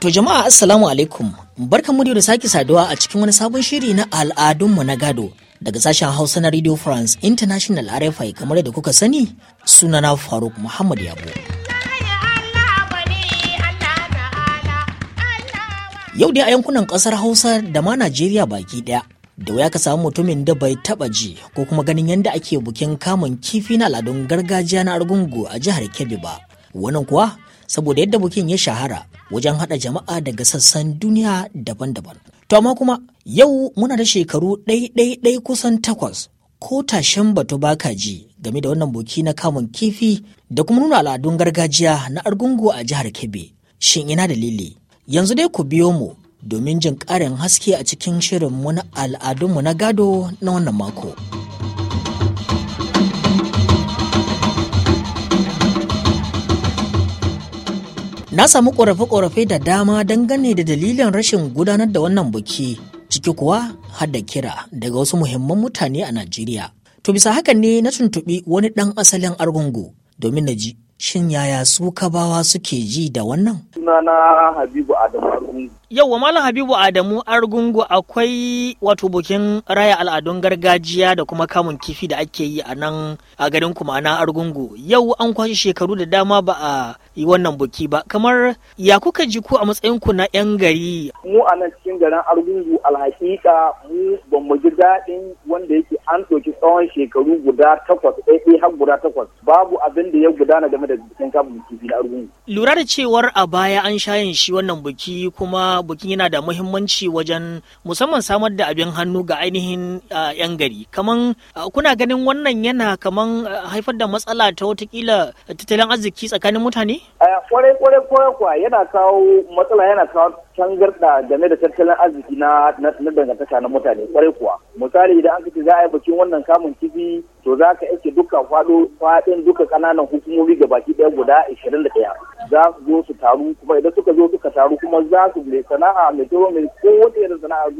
To jama'a assalamu alaikum barkan mu da sake saduwa a cikin wani sabon shiri na al'adunmu na gado daga sashen Hausa na Radio France International RFI kamar da kuka sani sunana Faruk Muhammad Yabo. Yau dai a yankunan kasar Hausa da ma Najeriya baki daya da waya ka samu mutumin da bai taba ji ko kuma ganin yadda ake bukin kamun kifi na al'adun gargajiya na argungu a jihar Kebbi ba. Wannan kuwa saboda yadda bukin ya shahara wajen haɗa jama'a daga sassan duniya daban-daban. To amma kuma yau muna da shekaru ɗai-ɗai-ɗai kusan takwas ko tashen batu baka ji game da wannan boki na kamun kifi da kuma nuna al'adun gargajiya na argungu a jihar Kebbi. Shin ina dalili? Yanzu dai ku biyo mu domin jin ƙarin haske a cikin shirin al'adunmu na gado na wannan mako. Na samu ƙorafe-ƙorafe da dama dangane da dalilin rashin gudanar da wannan buki, ciki kuwa hada kira daga wasu muhimman mutane a Najeriya. To bisa hakan ne na tuntuɓi wani ɗan asalin argungu domin na ji shin yaya su kabawa suke ji da wannan? Sunana Habibu Adamu Argungu yau wa malam habibu adamu argungu akwai wato bukin raya al'adun gargajiya da kuma kamun kifi da ake yi a nan a garin kuma na argungu yau an kwashe shekaru da dama ba a yi wannan buki ba kamar ya kuka ji ku a matsayin ku na yan gari mu a nan cikin garin argungu alhakika mu bamu ji daɗin wanda yake an ɗauki tsawon shekaru guda takwas ɗaiɗai eh, eh, har guda takwas babu abin da ya gudana game da bikin kamun kifi na argungu lura da cewar a baya an sha yin shi wannan buki kuma bukin yana da muhimmanci wajen musamman samar da abin hannu ga ainihin ah, 'yan gari kaman ah, kuna ganin wannan yana kaman ah, haifar da matsala ta watakila tattalin arziki tsakanin mutane? kwarai kwarai kwarai kwa yana kawo matsala yana kawo tangarda game da tattalin arziki na dangantaka na mutane kwarai kuwa misali idan an kace za a yi bikin wannan kamun kifi to za ka iya duka fado duka kananan hukumomi ga baki daya guda 21 za su zo su taru kuma idan suka zo suka taru kuma za su sana'a mai tsoro mai ko wata irin sana'a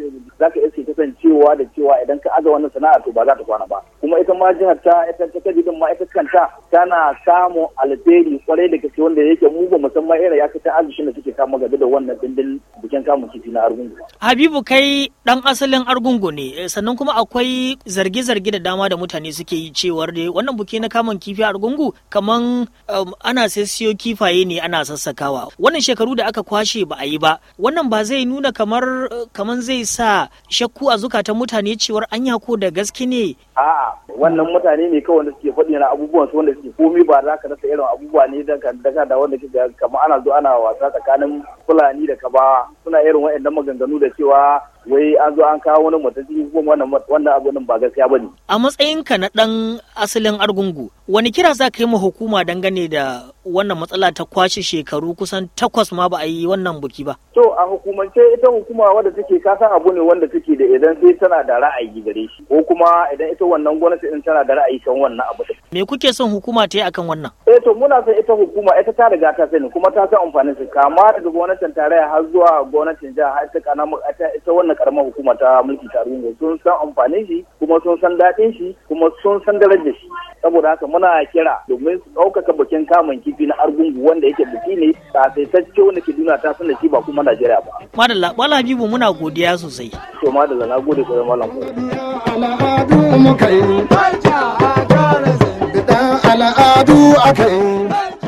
za ka iske kasancewa da cewa idan ka aza wannan sana'a to ba za ta kwana ba kuma ita ma jihar ta ita ta kaji din ma ita kanta tana samun alheri kwarai da gaske wanda yake mu ba musamman irin ya ta arzikin da suke kama gaba da wannan dindin bikin kamun kifi na argungu. Habibu kai dan asalin argungu ne eh, sannan kuma akwai zarge-zarge da dama da mutane suke yi cewar dai wannan buki na kamun kifi argungu kaman um, ana sai siyo kifaye ne ana sassakawa wannan shekaru da aka kwashe ba a yi ba wannan wannan ba zai nuna kamar eh, kamar zai sa shakku a zukatan mutane cewar anya ko da gaske ne a'a wannan mutane ne kawai wanda suke faɗi na abubuwan su wanda suke komi ba za ka rasa irin abubuwa ne da daga da wanda kika kamar ana zo ana wasa tsakanin fulani da kabawa suna irin waɗannan maganganu da cewa wai an zo an kawo wani mutum cikin kuma wannan abu ba gaskiya bane. ne. A matsayinka na ɗan asalin argungu, wani kira za ka yi ma hukuma dangane da wannan matsala ta kwashe shekaru kusan takwas ma ba a yi wannan buki ba? To a hukumance ita hukuma wadda take kasan abu ne wanda take da idan sai tana da ra'ayi gare shi ko kuma idan ita wannan gwamnati din tana da ra'ayi kan wannan abu Me kuke son hukuma ta yi akan wannan? Eh to muna son ita hukuma ita ta riga ta sani kuma ta san amfanin su kama daga gwamnatin tarayya har zuwa gwamnatin jiha har ta kana ita wannan karamar hukuma ta mulki tarihi sun san amfanin shi kuma sun san daɗin shi kuma sun san darajar shi. Saboda haka muna kira domin su ɗaukaka bikin kamun kifi na argungu wanda yake biki ne Ta tsaitacce wanda ke duna ta san shi ba kuma Najeriya ba. Madalla, Bala Habibu muna godiya sosai. To madalla, na gode kwarai malam.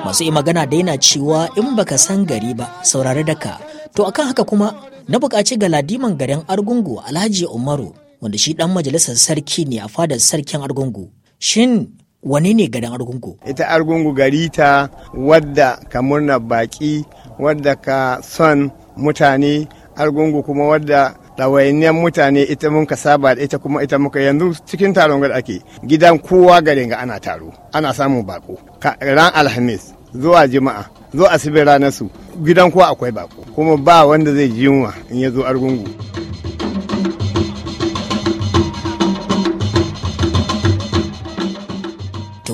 masu yi magana da yana cewa in baka san gari ba saurari daka to akan haka kuma na bukaci ga ladiman garin argungu alhaji umaru wanda shi ɗan majalisar sarki ne a fadar sarkin argungu shin wani ne garin argungu ita argungu gari ta wadda ka murna baki wadda ka son mutane argungu kuma wadda ɗawainiyar mutane ita mun ka saba da ita kuma ita muka yanzu cikin taron gada ake gidan kowa garin ga ana taro ana samun bako ran alhamis zuwa juma'a zo asibi ranar su gidan kowa akwai bako kuma ba wanda zai ji yunwa in ya zo argungu.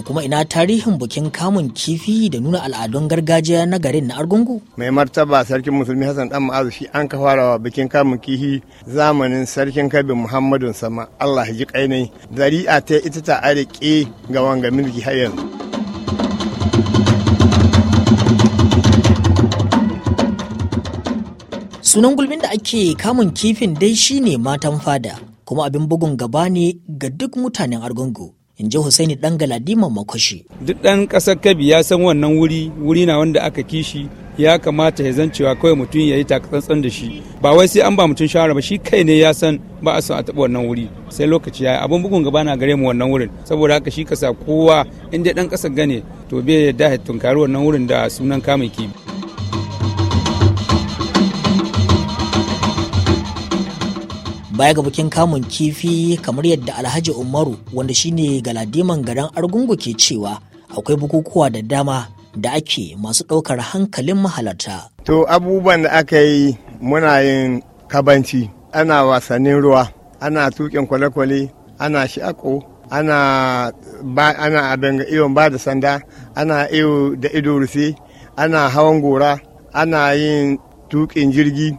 kuma ina tarihin bukin kamun kifi da nuna al'adun gargajiya na garin na argungu mai martaba sarkin musulmi hassan dan ma'azu shi an ka fara bikin kamun kifi zamanin sarkin kabi muhammadun sama allah ji kainai zari'a ta ita ta arike ga wanga milki har yanzu sunan gulbin da ake kamun kifin dai shine matan fada kuma abin bugun gaba ne ga duk mutanen argungu in ji hussaini dan Galadima Makoshi. Duk ɗan ƙasar Kabi ya san wannan wuri, wuri na wanda aka kishi ya kamata ya zan cewa kawai mutum ya yi takatsantsan da shi. Ba wai sai an ba mutum shawara ba shi kai ne ya san ba a son a taɓa wannan wuri. Sai lokaci ya yi abin bugun gaba na gare mu wannan wurin. Saboda haka shi ka sa kowa inda ɗan ƙasar gane to bai yarda ya tunkari wannan wurin da sunan kamun kibi. baya ga bikin kamun kifi kamar yadda alhaji umaru wanda shine galadiman garin argungu ke cewa akwai bukukuwa da dama da ake masu ɗaukar hankalin mahalarta to abubuwan da aka yi muna yin kabanci ana wasannin ruwa ana tukin kwale-kwale ana shaƙo ana ba ana abin iyon ba da sanda ana iyo da ido rufe ana hawan gora ana yin tukin jirgi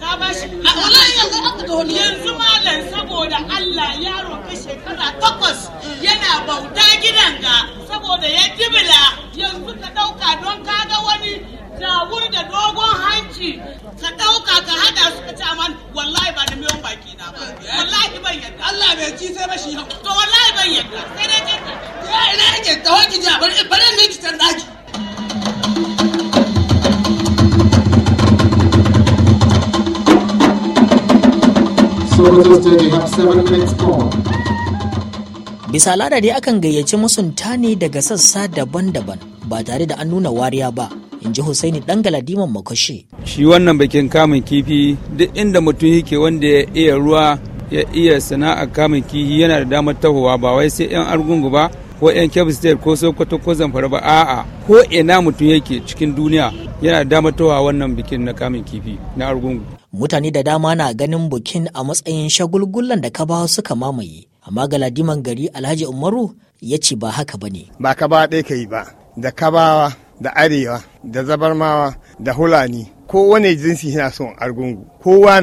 ka ba shi a wallahi yanzu an ka wani yanzu malam saboda Allah yaro ka shekara takwas yana bauta gidan ga saboda ya jibila yanzu ka ɗauka don ka ga wani jawur da dogon hanci ka ɗauka ka haɗa su ka ce man wallahi ba da miyan baki na ba wallahi ban yadda Allah bai ci sai ba shi to wallahi ban yadda sai dai ke ya ina yake tawakin jabar Bisa lada akan gayyaci masunta ne daga sassa daban-daban ba tare da an nuna wariya ba, in ji Hussaini ɗan galadiman makwashe. Shi wannan bikin kamun kifi duk inda mutum yake wanda ya iya ruwa ya iya sana'a kamun kifi yana da damar tahowa ba wai sai 'yan argungu ba ko 'yan Kebbi State ko Sokoto ko Zamfara ba a'a ko ina mutum yake cikin duniya yana da damar tahowa wannan bikin na kamun kifi na argungu. mutane da dama na ganin bukin a matsayin shagulgullan da ka ba suka mamaye amma galadiman gari alhaji umaru ya ce ba haka ba ne ba ba ɗaya ka yi ba da kabawa da arewa da zabarmawa da hulani wani jinsi yana son argungu kowa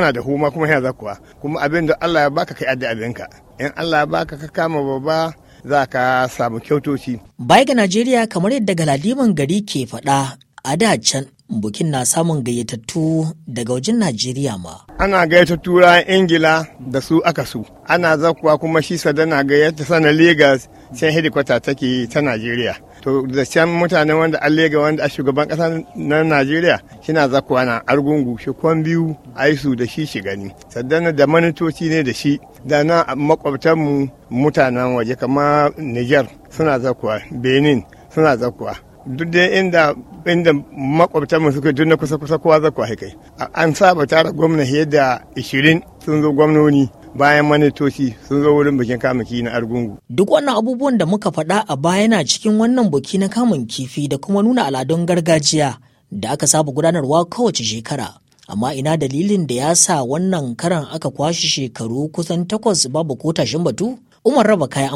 na da huma kuma yana zakuwa kuma abin da allah ya baka kai adda abinka in allah ya baka ka kama babba za ka samu kyautoci. Baya ga Najeriya kamar yadda galadiman gari ke faɗa a da can bukin na samun gayyatattu daga wajen Najeriya ma. Ana gayyata turan Ingila da su aka su. Ana zakuwa kuma shi sadana gayyata sana Legas can hedikwata take ta Najeriya. To da can mutane wanda an lega wanda a shugaban kasa na Najeriya shina zakuwa na argungu shi kwan biyu aisu da shi shi gani. Sadana da manitoci ne da shi da na makwabtanmu mutanen waje kama Niger suna zakuwa Benin suna zakuwa duk dai inda inda makwabtan mu suka duk na kusa kusa kowa za ku haikai an saba tara gwamna yadda ishirin sun zo gwamnoni bayan manitoci sun zo wurin bikin kamun na argungu. Duk wannan abubuwan da muka faɗa a baya na cikin wannan buki na kamun kifi da kuma nuna al'adun gargajiya da aka saba gudanarwa kowace shekara. Amma ina dalilin da ya sa wannan karan aka kwashe shekaru kusan takwas babu ko tashin batu? Umar Raba Kaya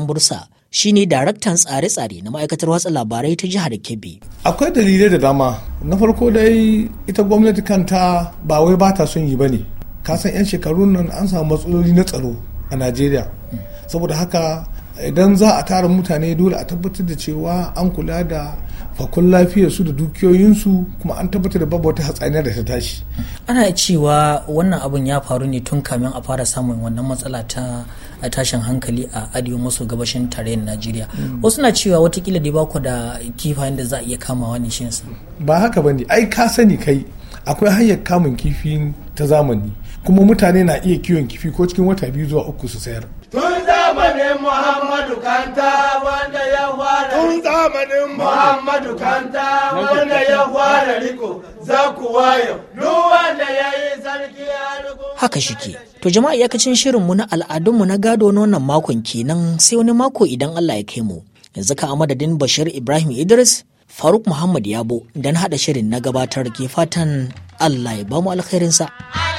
shi ne daraktan tsare-tsare na ma'aikatar watsa labarai ta jihar Kebbi. Akwai dalilai da dama. Na farko dai ita gwamnati kanta ba wai ba ta son yi ba ne. Kasan 'yan shekarun nan an samu matsaloli na tsaro a Najeriya. Saboda haka idan za a tara mutane dole a tabbatar da cewa an kula da fakon lafiyarsu da dukiyoyinsu kuma an tabbatar da babu wata hatsaniyar da ta tashi. Ana cewa wannan abun ya faru ne tun kamin a fara samun wannan matsala ta a tashin hankali a arewa maso gabashin tarayyar najeriya wasu na cewa watakila da bako da kifayen da za a iya kama wani shinsa ba haka bane ai ka sani kai akwai hanyar kamun kifi ta zamani kuma mutane na iya kiwon kifi ko cikin wata biyu zuwa uku su sayar. zamanin Muhammadu Kanta wanda ya Muhammadu Kanta wanda ya fara za ku wayo duk wanda ya yi sarki Haka shike. To jama'a iyakacin shirinmu na al'adunmu na gado na makon kenan sai wani mako idan Allah ya kai mu. Yanzu ka a madadin Bashir Ibrahim Idris, Faruk Muhammad Yabo, don haɗa shirin na gabatar ke fatan Allah ya bamu alkhairinsa.